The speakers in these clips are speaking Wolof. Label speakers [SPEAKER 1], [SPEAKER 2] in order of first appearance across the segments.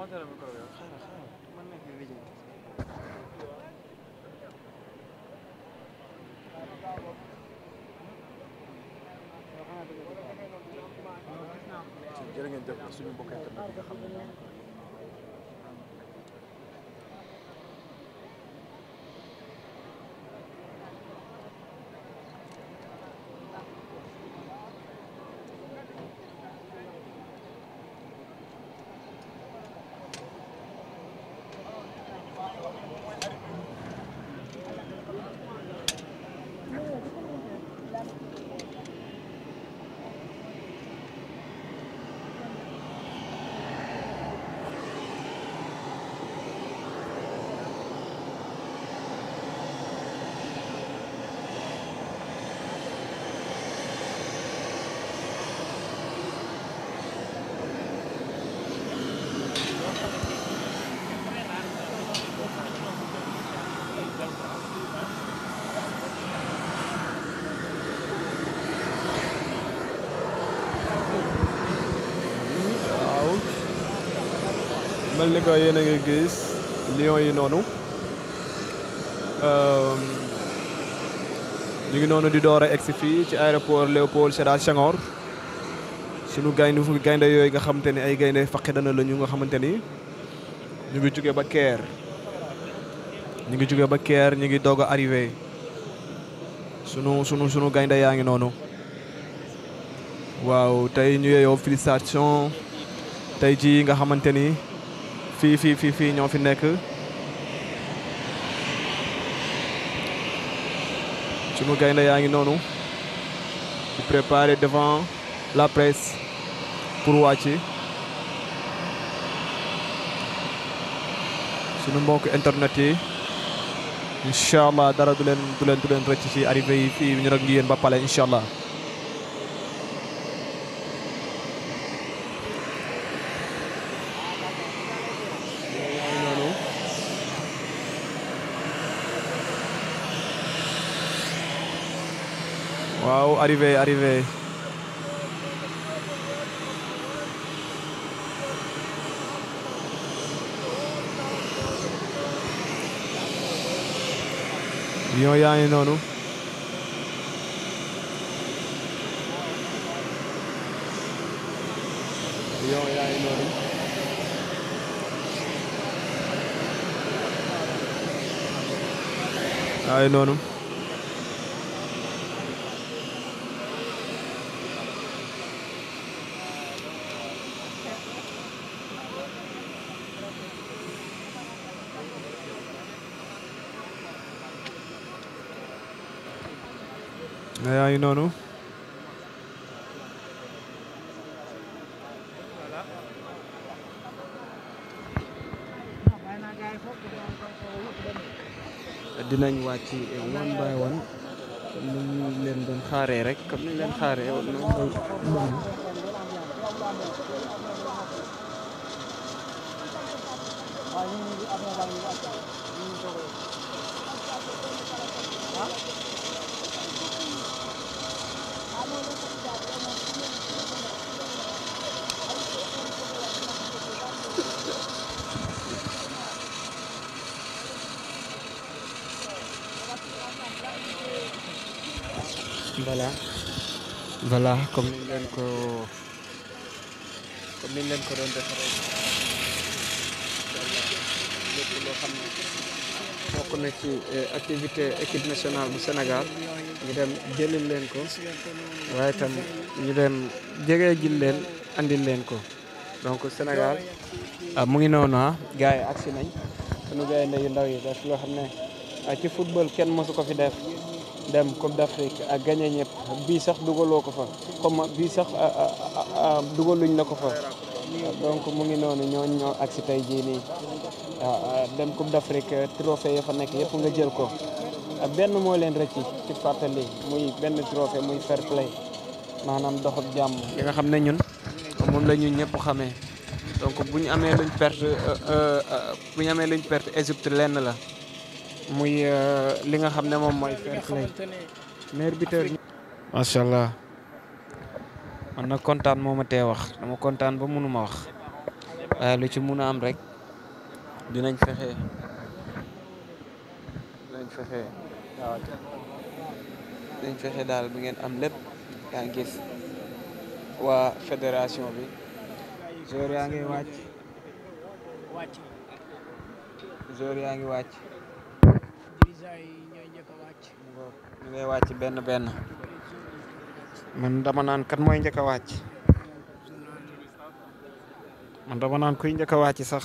[SPEAKER 1] monté micro bi yow. xaaral xaaral man nekk di lijjanti. jërë ngeen jëf suñu mbokk yi tamit nga xam
[SPEAKER 2] mel ni ko yéen a lion yi noonu euh, ñu ngi noonu di door a egsi fii ci aéroport Léopold Sédar Senghor suñu gaynde fu gaynde yooyu nga xamante ni ay gaynde faqi dana la ñu xamante ni ñu ngi jóge ba keer ñu ngi juge ba keer ñu ngi doog a arrivé sunu sunu sunu gaynde yaa ngi noonu waaw tey ñu yeyoo félicitation tey ji nga xamante ni fii fii fii fii ñoo fi nekk sunu gaynde yaa ngi noonu di préparer devant la presse pour wàcc sunu mbokk internet yi incha allah dara du leen du leen du leen rëcc ci arrivé
[SPEAKER 3] yi fii ñu rek ngi yéen ba pale incha allah
[SPEAKER 2] arrivé arrivé
[SPEAKER 3] Lion yaa ngi noonu
[SPEAKER 4] Lion yaa
[SPEAKER 2] noonu yaa ngi noonu. dinañ wàcc one by one comme ni ñu leen doon xaaree rek comme ni ñu leen xaaree woon nañ koy noonu. voilà comme ni leen ko leen ko doon defaree lépp loo xam ne na ci eh, activité équipe nationale bu Sénégal ñu dem jëlil leen ko waaye tam ngi dem jege jil leen andil leen ko donc Sénégal ah, mu ngi noonu ah gars yi agsi nañ sunu gaynde yu ndaw yi def loo xam ne ah, ci football kenn mosu ko fi dem Coupe d'Afrique ak gagné ñëpp bii sax dugaloo ko fa comme bii sax ah, ah, ah, dugaluñ la ko fa donc mu ngi noonu ñooñ ñoo ak si tey jii nii waaw dem Coupe d'Afrique eh, trophée ya fa nekk yëpp nga jël ko benn moo leen rëcc ci fàttali muy benn trophée muy fair play maanaam doxab jàmm yi nga xam ne ñun moom la ñu ñëpp xamee donc bu ñu amee luñ perte euh, euh, euh, bu ñu amee luñ perte Égypte lenn la muy euh, li nga xam ne moom mooy fair play meilleur macha allah man na kontaan moo ma tee wax dama kontaan ba mënu wax waaye lu ci mun am rek dinañ fexe dinañ fexe waaw dinañ daal bi ngeen am lépp yaa ngi gis waa fédération bi
[SPEAKER 5] joueur yaa ngi wàcc
[SPEAKER 2] yaa ngi wàcc président yi ñu ngay wàcc benn benn. man dama naan kan mooy njëkk a wàcc. man dama naan kuy njëkk a wàcc sax.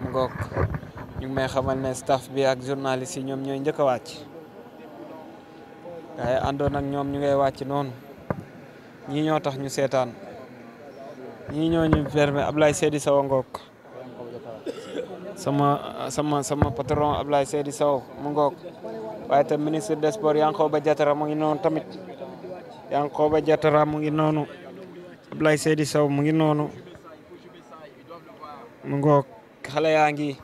[SPEAKER 2] mu ngoog ñu ngi may xamal ne staff bi ak journaliste yi ñoom ñooy njëkk a wàcc. waaye àndoon ak ñoom ñu ngay wàcc noonu. ñii ñoo tax ñu seetaan. ñii ñoo ñu permet Ablaye Seydi Sow a ngoog sama sama sama patron Ablaye Seydi Sow mu ngoog waaye tam ministre des sports Yankhoba Diattara mu ngi noonu tamit Yankhoba jatara mu ngi noonu Ablaye Seydi Sow mu ngi noonu mu ngoog xale yaa ngi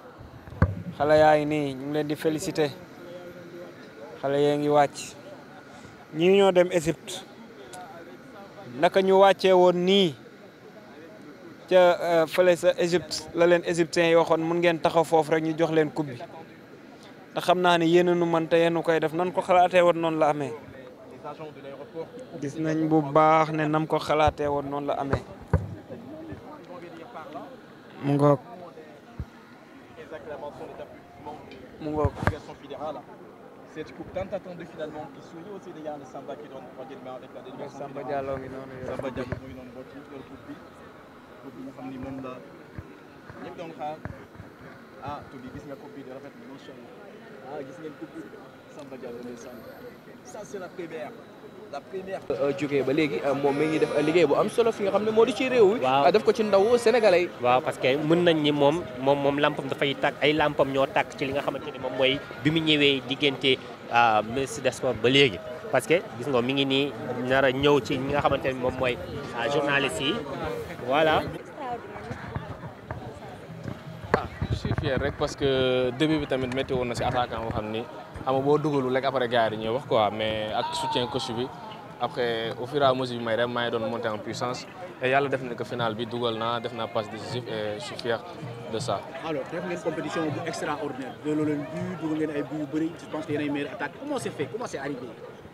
[SPEAKER 2] xale yaa ngi nii ñu ngi leen di félicité xale yaa ngi wàcc ñii ñoo dem Égypte naka ñu wàccee woon nii ca euh, fële sa Égypte la leen égyptiens yi mun ngeen taxaw foofu rek ñu jox leen coupe bi te xam naa ne yéen nu mën te yéen koy def nan ko xalaate woon noonu la amee. gis nañ bu baax ne nam ko xalaatee woon noonu la amee. mu ngoog.
[SPEAKER 1] mu ngoog.
[SPEAKER 3] cette coupe tant attendue finalement qui coupe bi nga xam ni moom la ñëpp doon ah, gis nga coupe bi ah, gis ngeen coupe
[SPEAKER 1] bi Samba Diallo ndeysaan ça c'est la euh, ba léegi euh, moom mi ngi def euh, liggéey bu am solo fi nga xam ne moo du ci réew mi. waaw def ko ci ndaw sénégalais yi.
[SPEAKER 5] waaw parce que mën nañ ñi moom moom moom lampam dafay tàkk ay lampam ñoo tàkk ci li nga xamante ni moom mooy bi mu ñëwee diggante ministre des sports ba léegi. parce que gis nga mi ngi nii nar a ñëw ci ñi nga
[SPEAKER 3] xamante ni moom mooy ah, journaliste yi voilà. ah je suis rek parce que début bi tamit métti woon na si attaquant boo xam ni xam boo dugalul rek après gars yi ñuy wax quoi mais ak soutien coach bi après au fur et bi may dem maa ngi doon monter en puissance et yàlla def na que final bi dugal naa def naa passe décisif et je de ça. alors def ngeen extraordinaire. loolu leen but dugal ngeen ay but bëri je pense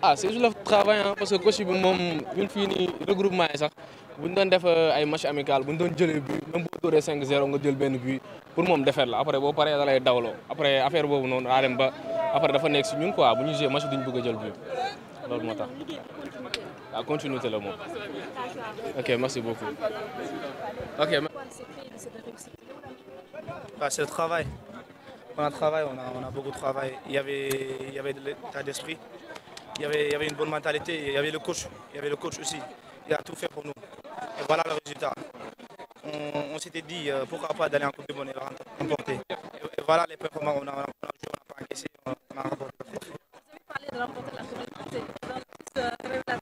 [SPEAKER 3] ah c'est toujours le travail ah parce que coach bi moom ñun fii nii regroupement yi sax bu ñu def euh, ay match amical bu ñu doon jëlee but même boo dóoree 5 nga jël benn but pour moom defet la après boo pare da lay dawloo après affaire boobu noonu daa dem ba après dafa nekk si ñun quoi bu ñu joué match duñ bëgg jël but loolu moo tax waaw continuité la moom
[SPEAKER 4] ok merci beaucoup
[SPEAKER 3] a travaillé y avait il y, avait, une bonne mentalité, il y avait le coach, aussi. Il a tout fait pour nous. Et voilà le résultat. On, s'était dit euh, pourquoi pas d'aller en Coupe du Monde et voilà les performances, on a, joué, on n'a pas encaissé, on, on a remporté. Vous
[SPEAKER 4] avez parlé de remporter la Coupe du le euh, révélation.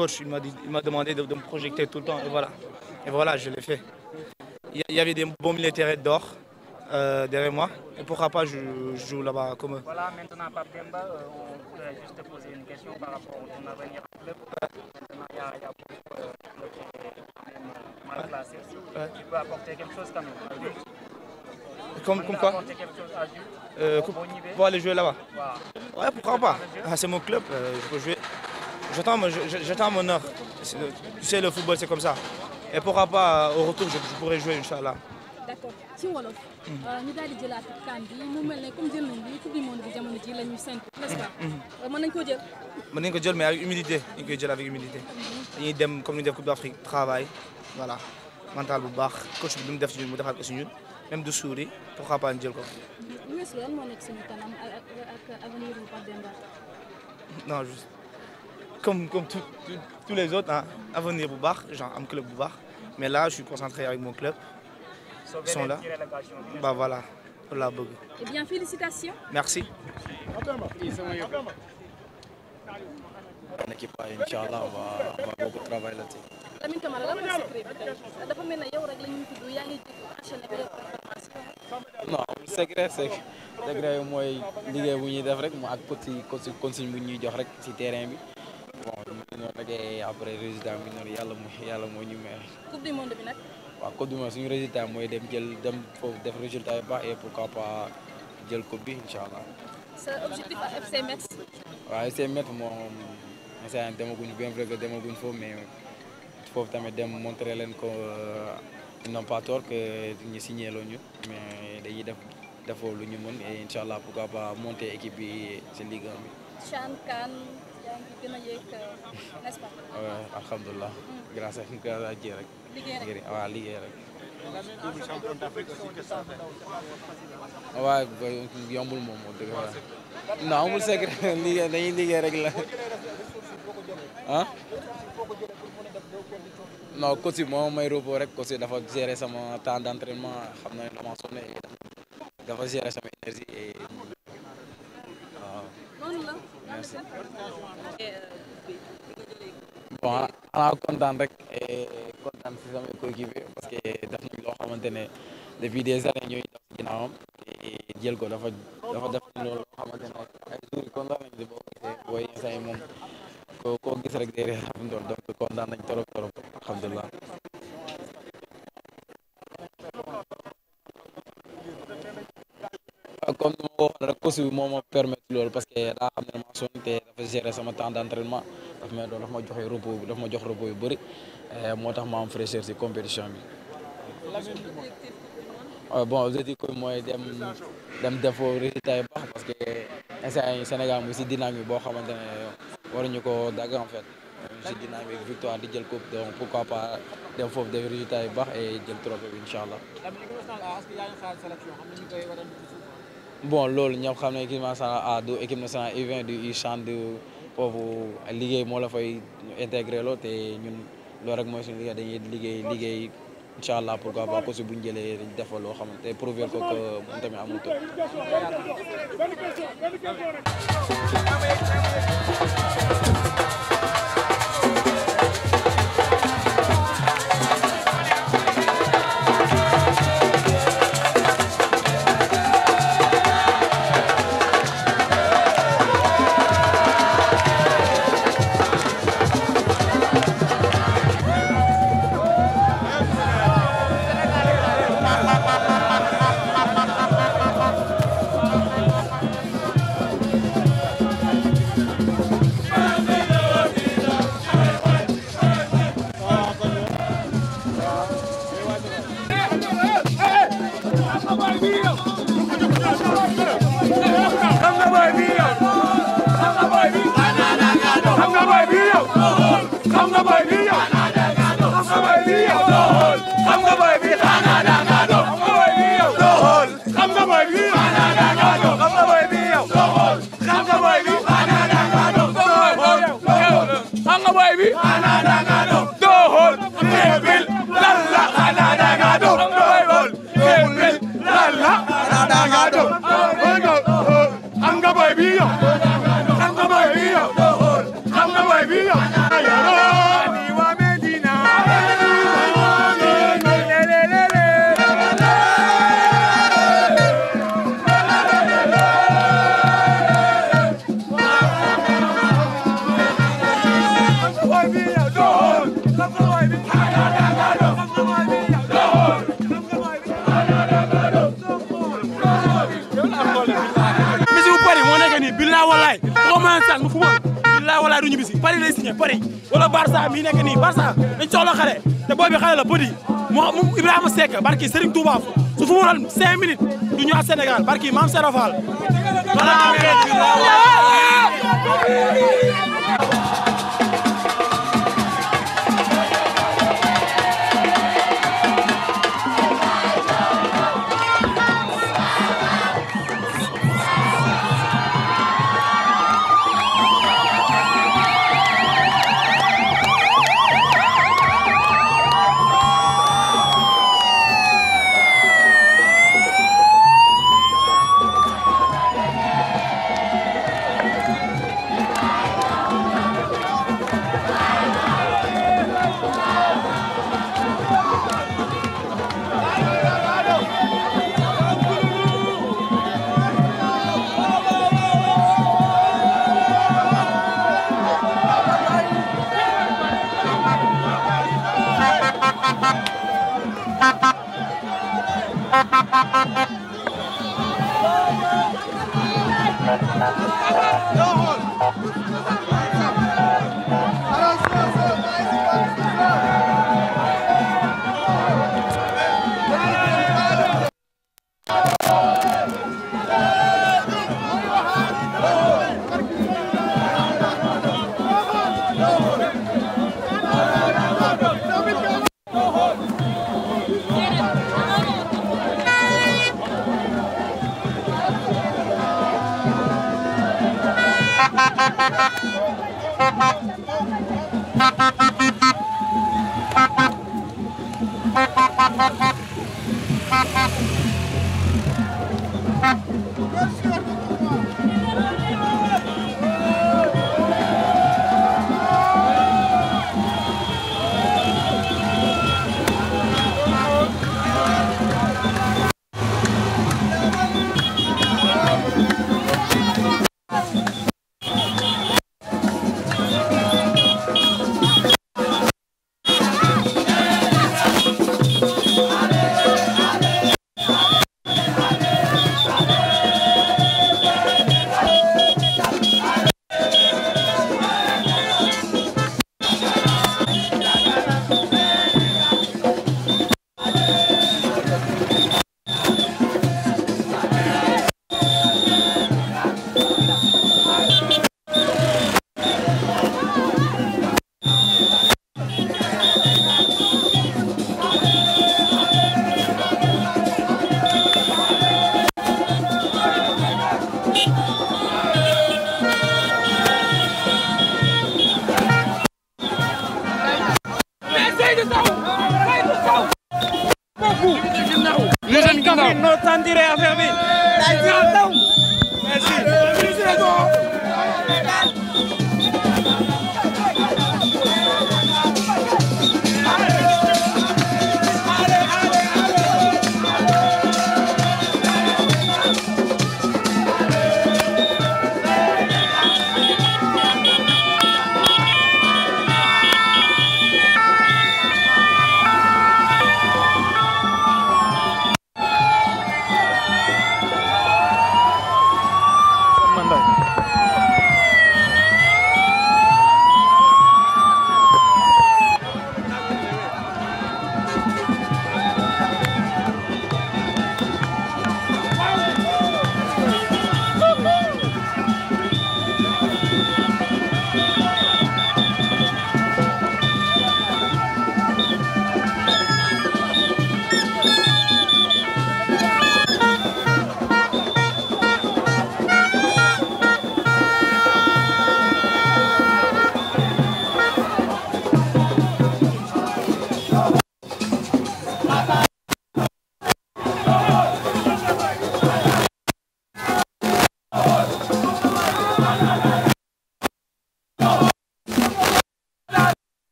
[SPEAKER 3] coach, il m'a demandé de, de, me projeter tout le temps. Et voilà, et voilà je l'ai fait. Il y, y avait des bons militaires d'or euh, derrière moi. Et pourquoi pas, je, je joue là-bas comme eux. Voilà, maintenant, Pape Demba, euh, on peut juste te poser une question par rapport à ton avenir en club. Maintenant, il y a, y a beaucoup de clubs qui mal classés. Tu peux apporter quelque chose quand même comme, comme quoi euh, Pour aller jouer là-bas Ouais, pourquoi pas ah, C'est mon club, euh, je peux jouer. j'attends mon heure. Tu sais, le football, c'est comme ça. Et pourquoi pas, euh, au retour, je, je pourrais jouer, Inch'Allah. D'accord. ci wolof. Mhm. Euh, ñu daal di jëlaat kan bi mu mel ne comme jël nañ bi coupe du monde bi jamono ji la ñuy séntu. n'est-ce pas mhm. euh, mën nañ koo jël. mën nañ ko jël mais avec humilité dañ koy jël avec humilité. Mhm. dañuy dem comme ni ñu def coupe d'Afrique travail voilà mental bu baax coach bi li mu def ci ñun mu defaat ko ci ñun même du suur yi pourquoi pas ñu jël ko.
[SPEAKER 1] lu weesu lan moo nekk suñu kanam ak ak avenir bu Pape Demba.
[SPEAKER 3] non juste. comme, comme tous les autres, hein, à venir bu baax genre am club bu baax mais là je suis concentré avec mon club. ils sont là bah voilà loolu laa bëgg. eh bien félicitations. merci. nekk ba incha allah waa waa boobu travail la tey. Lamine Camara lan mooy secret bi
[SPEAKER 4] tey dafa mel ne yow rek la ñuy tudd yaa ngi jiitu enchaîné bi yow performance bi. non secret secret
[SPEAKER 1] mooy liggéey bu ñuy def rek mu ak petit consigne bu ñuy jox rek ci terrain bi. bon ñu ngi noonu rek après résultat yàlla mooy yàlla moo ñu may.
[SPEAKER 4] coupe du monde bi nag.
[SPEAKER 1] waaw coupe du monde suñu résultat mooy dem jël dem foofu def résultat yu baax et pourquoi pas jël coupe bi incha allah.
[SPEAKER 4] sa objectif ak FC Metz.
[SPEAKER 1] waaw FC Metz moom instant demaguñ bien vrai que demaguñ foofu mais foofu tamit dem montré leen ko euh, ils n'ont pas tort ñu signé loo ñu mais dañuy def defoo lu ñu mën et incha allah pourquoi pas monter équipe bi ci Ligue bi.
[SPEAKER 5] CAN
[SPEAKER 3] yaa ngi gën a yéeg euh, n'est-ce pas. waaw
[SPEAKER 1] alhamdulilah. liggéey rek waaw liggéey rek. waaw yombul moom moo dëgg la non liggéey dañuy liggéey rek la ah. non coach moo may repos rek coach dafa gérer sama temps d'entraînement xam na ne dama sonné dafa gérer sama énergie et waaw. merci. bon ah, xanaa kontaan rek eh, kontaan si sama coéquipier parce que daf nañ loo xamante ne depuis des années ñooy def jël ko dafa dafa def loo xamante ne ay jour kontaan si boo gisee booy say moom ko koo gis rek day ree xam doon donc alhamdulilah comme ni ma moo ma permettre loolu parce que daa xam ne maa sonn te dafa gérer sama temps d'entraînement daf may doon dafa ma joxe repos bi dafa ma yu bëri eh, moo tax ma am fraîcheur compétition bi. bon objectif ko mooy dem dem def résultat yu baax parce que instant yi Sénégal mu si dynamique boo xamante ne waruñu ko dagg en fait mu ci dynamique victoire di jël coupe donc pourquoi pas dem foofu def résultat yu baax et jël trophée bi incha allah. bon loolu ñëpp xam na équipe nationale A du équipe nationale U20 du U20 liggéey moo la foy intégré loo te ñun loolu rek mooy suñu liggéey dañuy liggéey liggéey incha allah pourquoi pas ko si bu ñu jëlee dañ defal loo xam ne prouver ko que moom tamit amul tëb. signé Paris wala Barça mii nekk nii Barça dañ soxla xale te boobi xale la petit moo Ibrahima Seck barki Serigne Touba su fu mu waral 5 minutes du ñëwaat Sénégal barki Mame Serafal.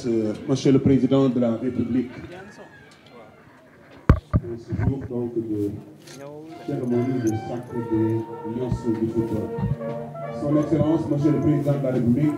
[SPEAKER 2] Excellences, euh, Monsieur le Président de la République, en ce jour de cérémonie de Monsieur le Président de la République,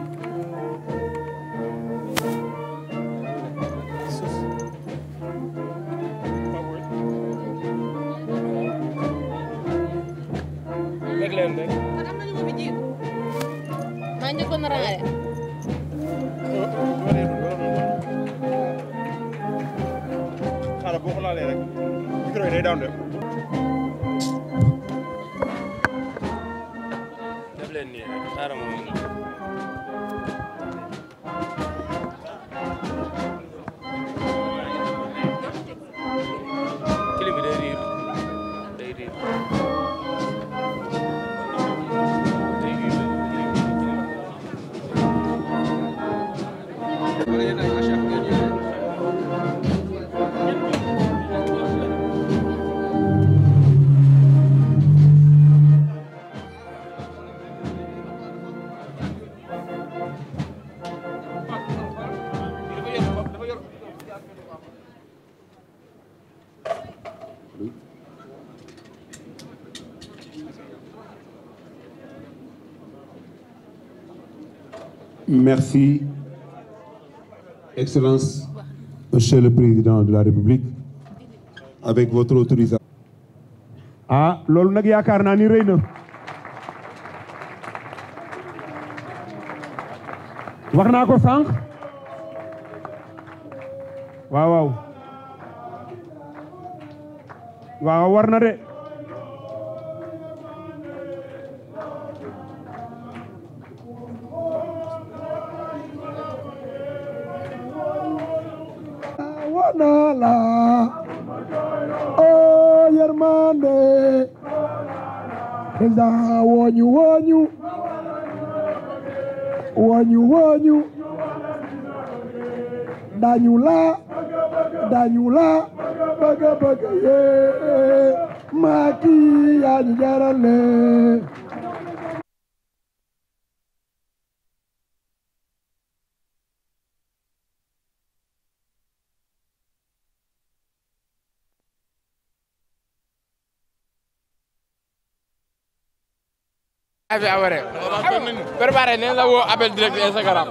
[SPEAKER 2] merci, Excellence, Monsieur le Président de la République, avec votre autorisation. ah loolu nag yaakaar naa ni rëy na. wax naa ko sànq. waaw de.
[SPEAKER 4] naa la oo yërmande président wooñu wooñu wooñu dañu la dañu la bëgg bëgg yee maa kii yaa ñu jarale
[SPEAKER 3] abi aware préparé neen
[SPEAKER 5] la woo appel direct Instagram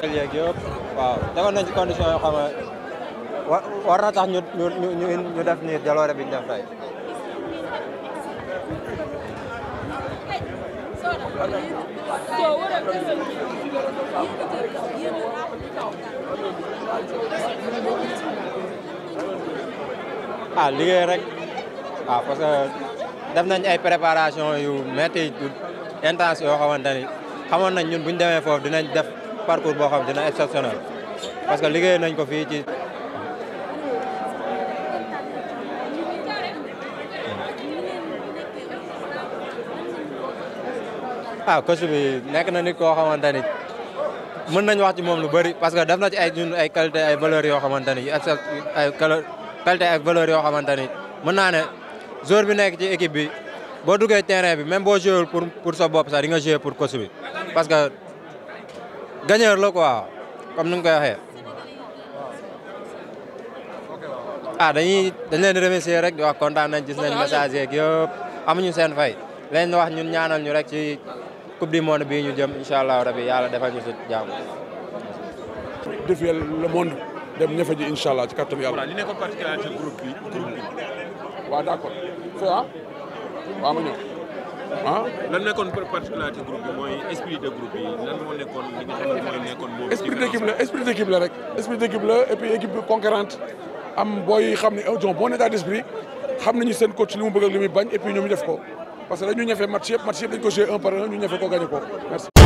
[SPEAKER 5] léegi yëpp waaw defoon nañ ci condition yoo xam ne war na tax ñu ñu ñu def nii jaloore bi ñu def tey ah liggéey rek a ah, parce que def nañ ay préparation yu métti yu intense yoo xamante ni xamoon nañ ñun buñ demee foofu dinañ def parcours boo xam dina exceptionnel parce que liggéey nañ ko fii ci. ah coach bi nekk na nit koo xamante ni mën nañu wax ci moom lu bëri parce que def na ci ay ñun ay qualité ay valeur yoo xamante ni ak ay qualité ak valeur yoo xamante ni mën naa ne joueur bi nekk ci équipe bi boo duggee terrain bi même boo joué pour pour sa bopp sax di nga joué pour coach bi parce que gagneur la quoi comme ni koy waxee. ah dañuy dañ leen di rek di wax kontaan nañ gis nañ message yeeg yëpp amuñu seen fay leen wax coupe du monde bii ñu jëm incha allah rabi yàlla defal ñu si jàmm. défier le monde dem ñëfe ji incha
[SPEAKER 1] allah
[SPEAKER 2] ci kàttanu yàlla. voilà li nekkoon particularité groupe bi groupe bi. waaw d' accord c'est ça waaw ma ñëw ah. lan nekkoon particularité groupe bi mooy esprit de groupe bi lan moo nekkoon li nga xam ne mooy nekkoon. moom esprit d' équipe la esprit d' équipe la rek. esprit d' équipe la et puis équipe conquérante am booy xam ne ils oh, ont bon état d' esprit xam nañu seen coach li mu bëgg ak li muy bañ et puis
[SPEAKER 1] ñoom ñu def ko. parce que dañu ñëfe match yëpp match yëpp un par un ñu ñëfe ko